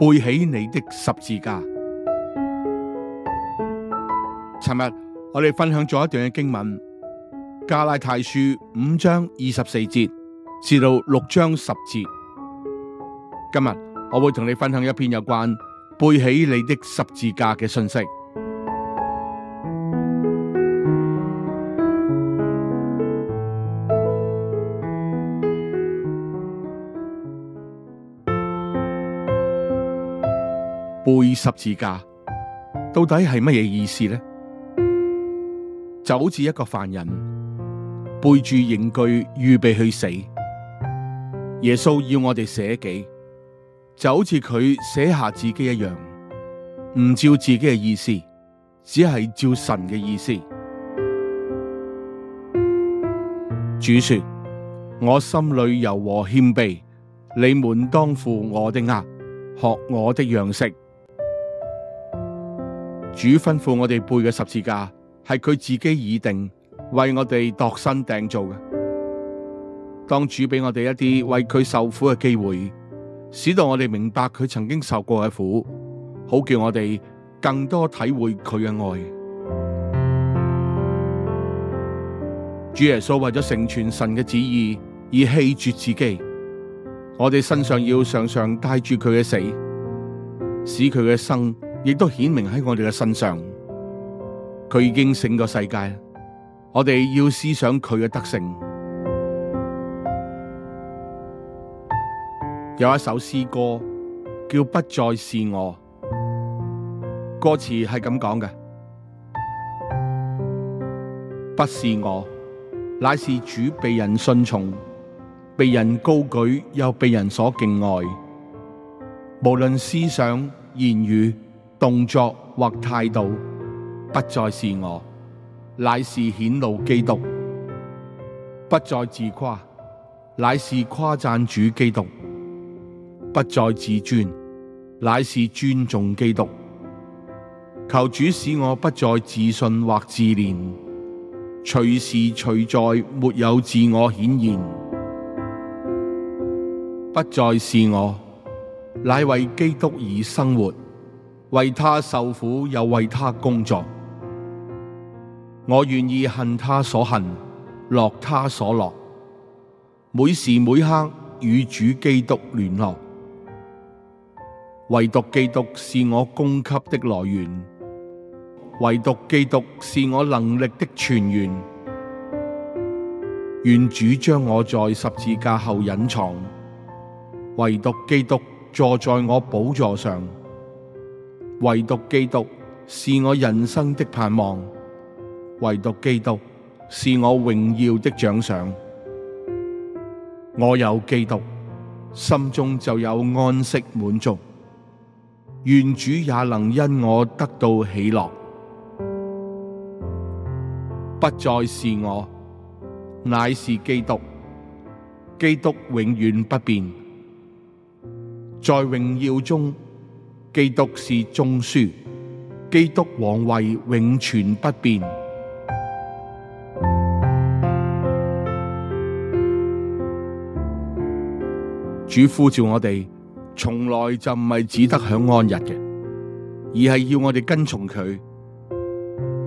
背起你的十字架。尋日我哋分享咗一段嘅經文，加拉太書五章二十四節至到六章十節。今日我會同你分享一篇有關背起你的十字架嘅信息。十字架到底係乜嘢意思呢？就好似一個犯人背住刑具預備去死，耶穌要我哋捨己，就好似佢捨下自己一樣，唔照自己嘅意思，只係照神嘅意思。主說：我心裏柔和謙卑，你們當負我的軛，學我的樣式。主吩咐我哋背嘅十字架，係佢自己已定，為我哋度身訂做嘅。當主俾我哋一啲為佢受苦嘅機會，使到我哋明白佢曾經受過嘅苦，好叫我哋更多體會佢嘅愛。主耶穌為咗成全神嘅旨意而棄絕自己，我哋身上要常常帶住佢嘅死，使佢嘅生，亦都顯明喺我哋嘅身上，佢已經勝過世界。我哋要思想佢嘅德性。有一首詩歌叫《不再是我》，歌詞係咁講嘅：「不是我，乃是主被人順從，被人高舉又被人所敬愛。無論思想、言語，動作或態度，不再是我，乃是顯露基督；不再自誇，乃是誇讚主基督；不再自尊，乃是尊重基督。求主使我不再自信或自憐，隨時隨在沒有自我顯現，不再是我，乃為基督而生活。為他受苦，又為他工作。我願意恨他所恨，樂他所樂。每時每刻與主基督聯絡，唯獨基督是我供給的來源，唯獨基督是我能力的泉源。願主將我在十字架後隱藏，唯獨基督坐在我寶座上。唯獨基督是我人生的盼望，唯獨基督是我榮耀的獎賞。我有基督，心中就有安息滿足。願主也能因我得到喜樂，不再是我，乃是基督。基督永遠不變，在榮耀中。基督是中書，基督皇位永存不變。主呼召我哋，從來就唔係只得享安逸嘅，而係要我哋跟從佢。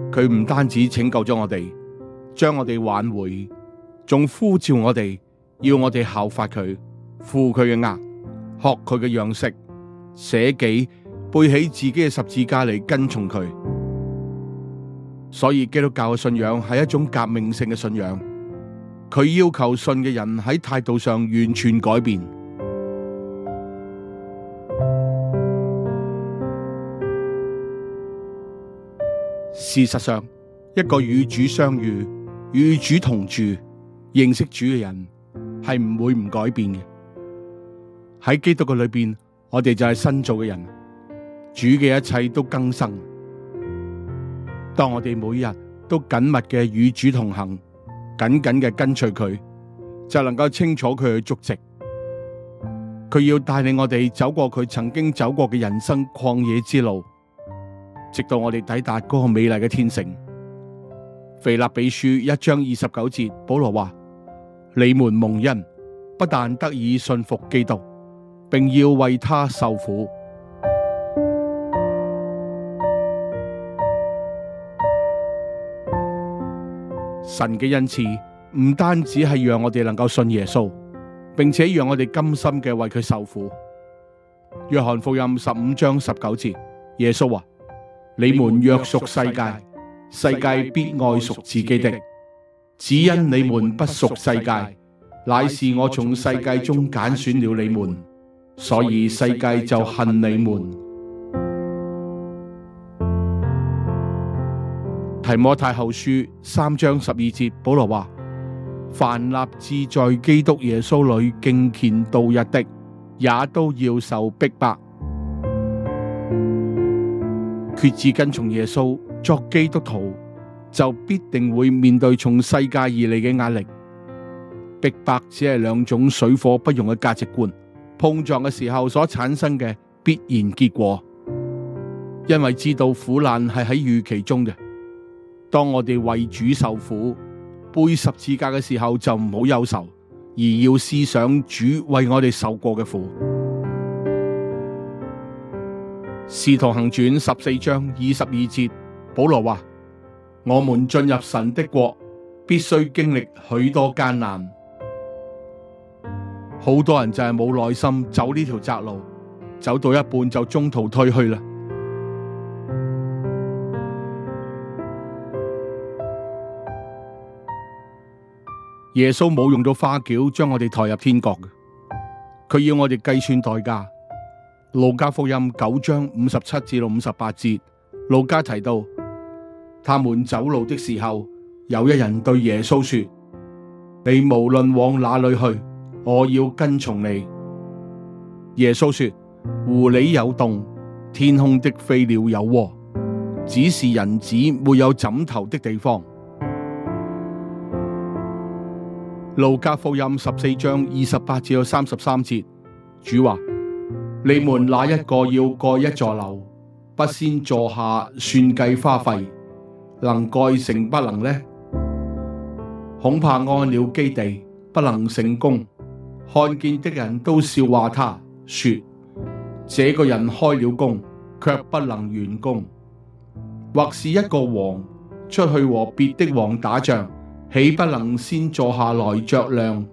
佢唔單止拯救咗我哋，將我哋挽回，仲呼召我哋，要我哋效法佢，負佢嘅軛，學佢嘅樣式。捨己背起自己嘅十字架嚟跟從佢，所以基督教嘅信仰係一種革命性嘅信仰。佢要求信嘅人喺態度上完全改變。事實上，一個與主相遇、與主同住、認識主嘅人係唔會唔改變嘅。喺基督嘅裏面。我哋就係新造嘅人，主嘅一切都更新。當我哋每日都緊密嘅與主同行，緊緊嘅跟隨佢，就能夠清楚佢嘅足迹。佢要帶領我哋走過佢曾經走過嘅人生曠野之路，直到我哋抵達嗰個美麗嘅天城。腓立比書一章二十九節，保羅話：你們蒙恩，不但得以信服基督。並要為他受苦。神嘅恩賜唔單止係讓我哋能夠信耶穌，並且讓我哋甘心嘅為佢受苦。約翰福音十五章十九節，耶穌話：你們若屬世界，世界必愛屬自己的；只因你們不屬世界，乃是我從世界中揀選了你們。所以世界就恨你們。你們提摩太後書三章十二節，保羅話：凡立志在基督耶穌裏敬虔度日的，也都要受逼迫。決志跟從耶穌作基督徒，就必定會面對從世界而嚟嘅壓力。逼迫只係兩種水火不容嘅價值觀。碰撞嘅時候所產生嘅必然結果，因為知道苦難係喺預期中嘅。當我哋為主受苦背十字架嘅時候，就唔好憂愁，而要思想主為我哋受過嘅苦。使徒行傳十四章二十二節，保羅話：我們進入神的國，必須經歷許多艱難。好多人就係冇耐心走呢條窄路，走到一半就中途退去啦。耶穌冇用到花轎將我哋抬入天國，佢要我哋計算代價。路加福音九章五十七至到五十八節，路加提到，他們走路的時候，有一人對耶穌說：你無論往哪裏去。我要跟從你。耶穌說：狐狸有洞，天空的飛鳥有窩，只是人子沒有枕頭的地方。路加福音十四章二十八至三十三節，主話：你們哪一個要蓋一座樓，不先坐下算計花費，能蓋成不能呢？恐怕安了地基，不能成功。看見的人都笑話他，說：這個人開了工，却不能完工；或是一個王出去和別的王打仗，豈不能先坐下來酌量，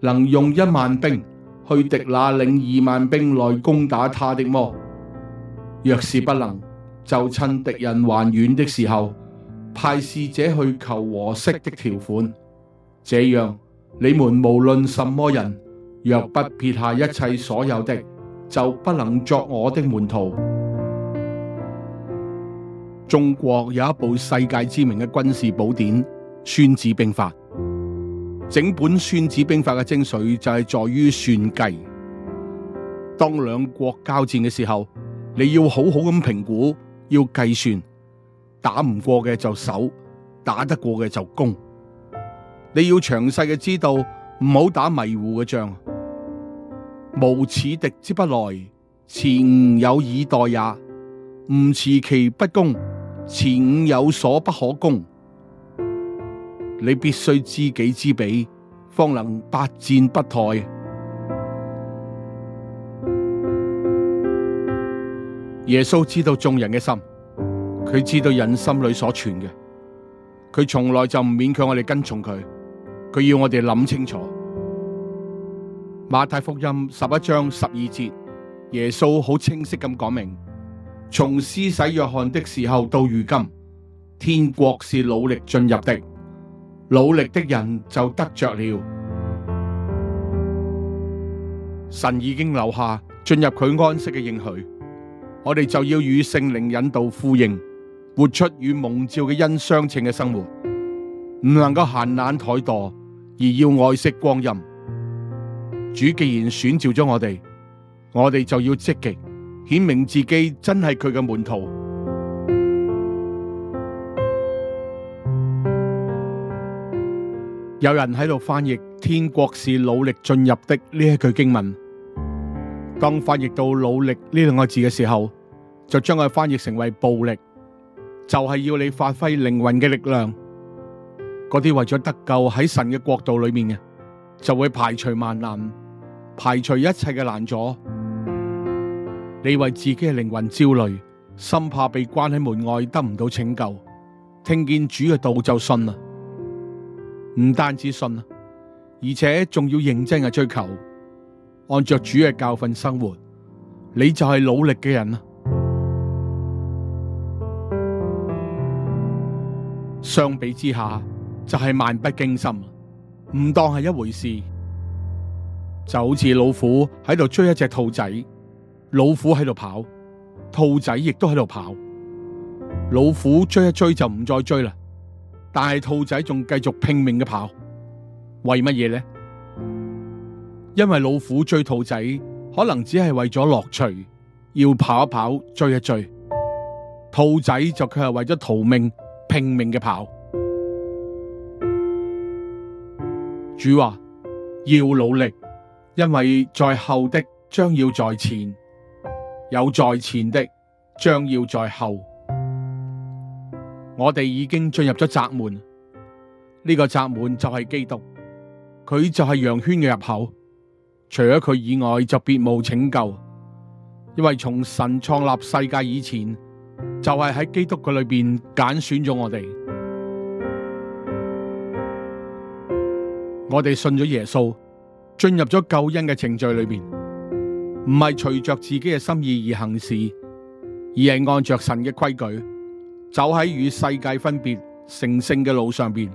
能用一萬兵去敵那領二萬兵來攻打他的麼？若是不能，就趁敵人還遠的時候，派使者去求和息的條款。這樣，你們無論什麼人，若不撇下一切所有的，就不能作我的門徒。中國有一部世界知名嘅軍事寶典《孫子兵法》，整本《孫子兵法》嘅精髓就係在於算計。當兩國交戰嘅時候，你要好好咁評估，要計算，打唔過嘅就守，打得過嘅就攻。你要詳細嘅知道，唔好打迷糊嘅仗。無此敵之不來，前有以待也；無持其不攻，前有所不可攻。你必須知己知彼，方能百戰不殆。耶穌知道眾人嘅心，佢知道人心裏所存嘅，佢從來就唔勉強我哋跟從佢，佢要我哋諗清楚。馬太福音十一章十二節，耶穌好清晰咁講明：從施洗約翰的時候到如今，天國是努力進入的，努力的人就得着了。神已經留下進入佢安息嘅應許，我哋就要與聖靈引導呼應，活出與蒙召嘅恩相稱嘅生活，唔能夠閒懶怠惰，而要愛惜光陰。主既然選召咗我哋，我哋就要積極顯明自己真係佢嘅門徒。 有人喺度翻譯《天國是努力進入的》呢一句經文，當翻譯到“努力”呢兩個字嘅時候，就將佢翻譯成為“暴力”，就係要你發揮靈魂嘅力量。嗰啲為咗得救喺神嘅國度裏面嘅，就會排除萬難。排除一切嘅難阻，你為自己嘅靈魂焦慮，深怕被關喺門外得唔到拯救。聽見主嘅道就信啦，唔單止信啦，而且仲要認真嘅追求，按着主嘅教訓生活，你就係努力嘅人啦。相比之下，就係漫不經心，唔當係一回事。就好似老虎喺度追一隻兔仔，老虎喺度跑，兔仔亦都喺度跑。老虎追一追就唔再追啦，但係兔仔仲繼續拼命嘅跑，為乜嘢咧？因為老虎追兔仔可能只係為咗樂趣，要跑一跑追一追；兔仔就佢係為咗逃命，拼命嘅跑。主話要努力。因為在後的將要在前，有在前的將要在後。我哋已經進入咗窄門，呢、這個窄門就係基督，佢就係羊圈嘅入口。除咗佢以外，就別無拯救。因為從神創立世界以前，就係、是、喺基督嘅裏邊揀選咗我哋。我哋信咗耶穌。進入咗救恩嘅程序裏邊，唔係隨着自己嘅心意而行事，而係按着神嘅規矩，走喺與世界分別、成聖嘅路上邊。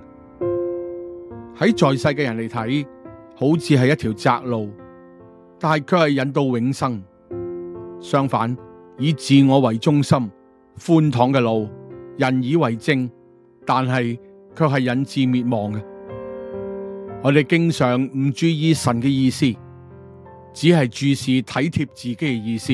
喺在，在世嘅人嚟睇，好似係一條窄路，但係卻係引到永生。相反，以自我為中心、寬敞嘅路，人以為正，但係卻係引致滅亡嘅。我哋經常唔注意神嘅意思，只係注視體貼自己嘅意思。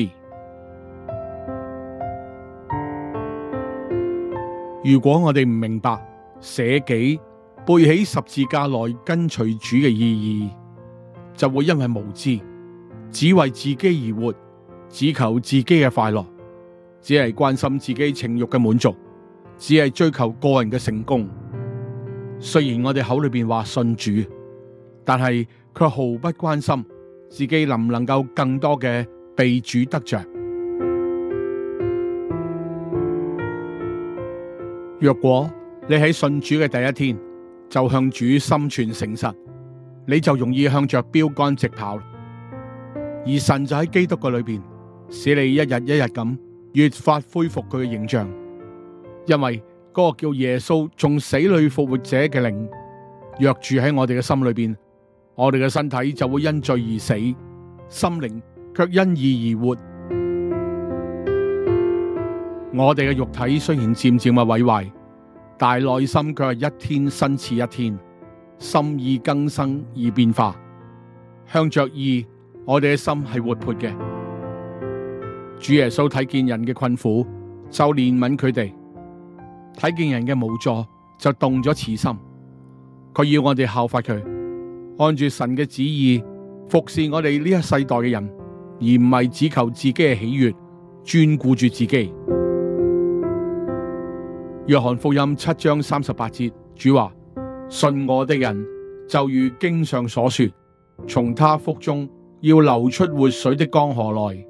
如果我哋唔明白捨己背起十字架來跟隨主嘅意義，就會因為無知，只為自己而活，只求自己嘅快樂，只係關心自己情欲嘅滿足，只係追求個人嘅成功。雖然我哋口裏面話信主。但係，佢毫不關心自己能唔能夠更多嘅被主得着。若果你喺信主嘅第一天就向主心存誠實，你就容易向着標杆直跑，而神就喺基督嘅裏邊，使你一日一日咁越發恢復佢嘅形象，因為嗰個叫耶穌從死裏復活者嘅靈，若住喺我哋嘅心裏邊。我哋嘅身體就會因罪而死，心靈卻因義而,而活。我哋嘅肉體雖然漸漸嘅毀壞，但內心卻係一天新似一天，心意更生而變化。向着義，我哋嘅心係活潑嘅。主耶穌睇見人嘅困苦，就憐憫佢哋；睇見人嘅無助，就動咗慈心。佢要我哋效法佢。按住神嘅旨意服侍我哋呢一世代嘅人，而唔係只求自己嘅喜悦，專顧住自己。約翰福音七章三十八節，主話：信我的人就如經上所說，從他腹中要流出活水的江河來。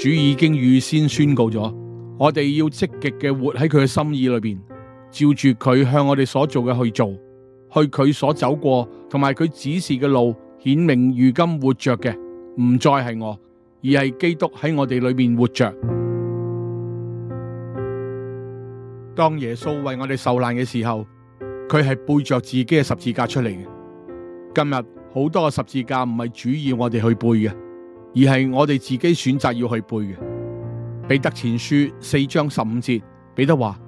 主已經預先宣告咗，我哋要積極嘅活喺佢嘅心意裏邊，照住佢向我哋所做嘅去做。去佢所走過同埋佢指示嘅路，顯明如今活着嘅唔再係我，而係基督喺我哋裏面活着。當耶穌為我哋受難嘅時候，佢係背着自己嘅十字架出嚟嘅。今日好多嘅十字架唔係主要我哋去背嘅，而係我哋自己選擇要去背嘅。彼得前書四章十五節，彼得話：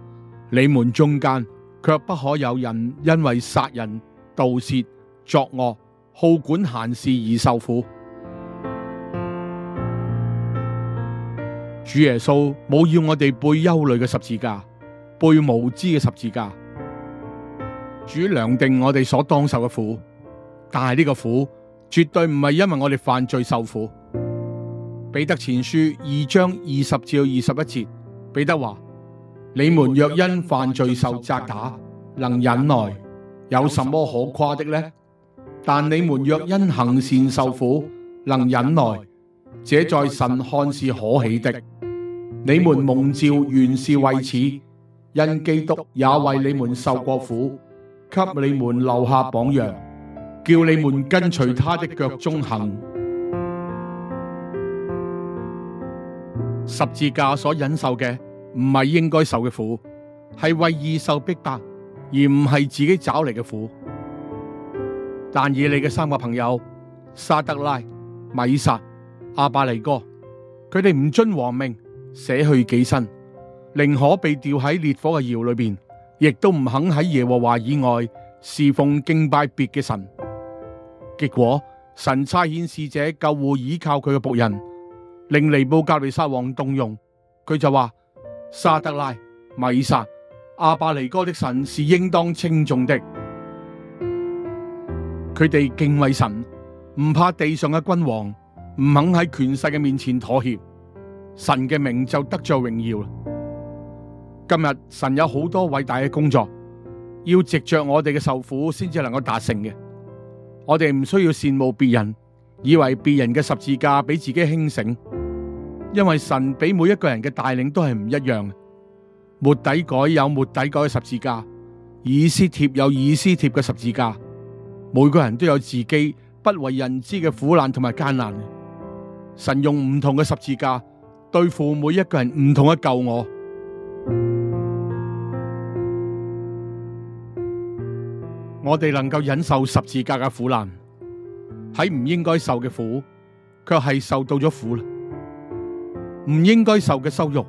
你們中間，卻不可有人因為殺人、盜竊、作惡、好管閒事而受苦。主耶穌冇要我哋背憂慮嘅十字架，背無知嘅十字架。主量定我哋所當受嘅苦，但係呢個苦絕對唔係因為我哋犯罪受苦。彼得前書二章二十至二十一節，彼得話：你們若因犯罪受責打，能忍耐，有什麼可誇的呢？但你們若因行善受苦，能忍耐，這在神看是可喜的。你們蒙召原是為此，因基督也為你們受過苦，給你們留下榜樣，叫你們跟隨他的腳蹤行。十字架所忍受嘅。唔係應該受嘅苦，係為義受逼迫而唔係自己找嚟嘅苦。但以理嘅三個朋友沙德拉、米煞、亞伯尼歌，佢哋唔遵王命捨去己身，寧可被吊喺烈火嘅窑裏邊，亦都唔肯喺耶和華以外侍奉敬拜別嘅神。結果神差遣使者救護倚靠佢嘅僕人，令尼布甲尼撒王動容，佢就話。沙得拉、米煞、亞伯尼歌的神是應當稱頌的。佢哋敬畏神，唔怕地上嘅君王，唔肯喺權勢嘅面前妥協。神嘅名就得着榮耀啦。今日神有好多偉大嘅工作，要藉着我哋嘅受苦先至能夠達成嘅。我哋唔需要羨慕別人，以為別人嘅十字架比自己輕省。因為神俾每一個人嘅帶領都係唔一樣，末底改有末底改嘅十字架，以斯帖有以斯帖嘅十字架，每個人都有自己不為人知嘅苦難同埋艱難。神用唔同嘅十字架對付每一個人，唔同嘅救我。我哋能夠忍受十字架嘅苦難，喺唔應該受嘅苦，卻係受到咗苦啦。唔應該受嘅羞辱，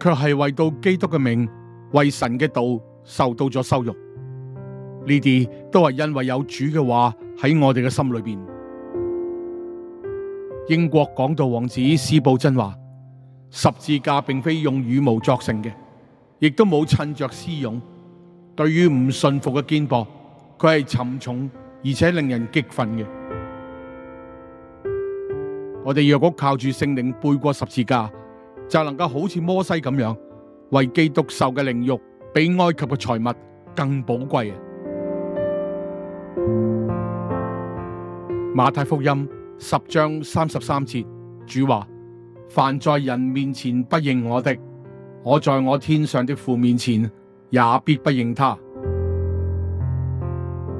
卻係為到基督嘅名，為神嘅道受到咗羞辱。呢啲都係因為有主嘅話喺我哋嘅心裏邊。英國講道王子司布真話：十字架並非用羽毛作成嘅，亦都冇襯着絲絨。對於唔順服嘅肩膊，佢係沉重而且令人激憤嘅。我哋若果靠住聖靈背過十字架，就能夠好似摩西咁樣，為基督受嘅凌辱，比埃及嘅財物更寶貴。馬太福音十章三十三節，主話：凡在人面前不認我的，我在我天上的父面前也必不認他。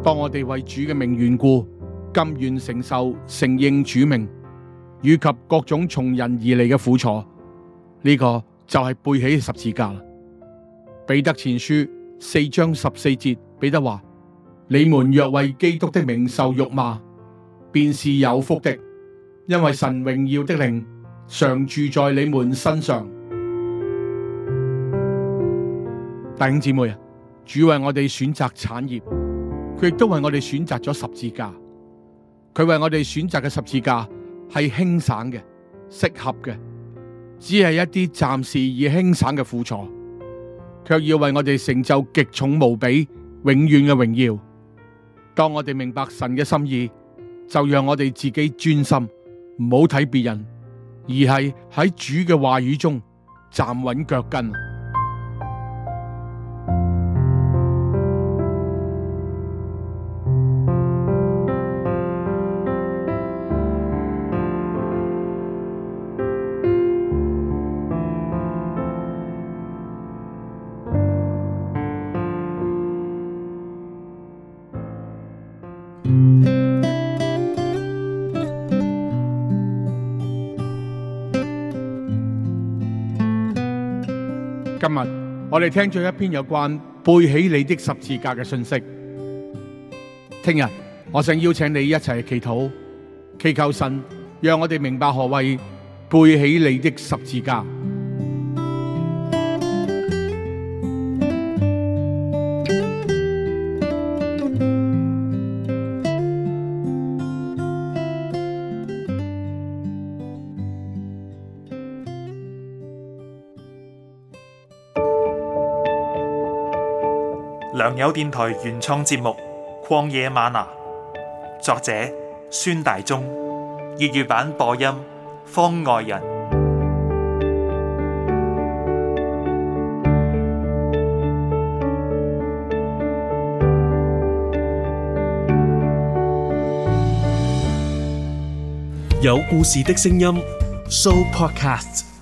當我哋為主嘅名緣故，甘願承受、承認主名。以及各種從人而嚟嘅苦楚，呢個就係背起十字架啦。彼得前書四章十四節，彼得話：你們若為基督的名受辱罵，便是有福的，因為神榮耀的靈常住在你們身上。弟兄姊妹啊，主為我哋選擇產業，佢亦都為我哋選擇咗十字架。佢為我哋選擇嘅十字架。係輕省嘅，適合嘅，只係一啲暫時而輕省嘅苦楚，卻要為我哋成就極重無比、永遠嘅榮耀。當我哋明白神嘅心意，就讓我哋自己專心，唔好睇別人，而係喺主嘅話語中站穩腳跟。今日我哋聽咗一篇有關背起你的十字架嘅信息。聽日我想邀請你一齊祈禱，祈求神讓我哋明白何謂背起你的十字架。良友電台原創節目《曠野嗎哪》，作者孫大中，粵語版播音方外人，有故事的聲音 Show Podcast。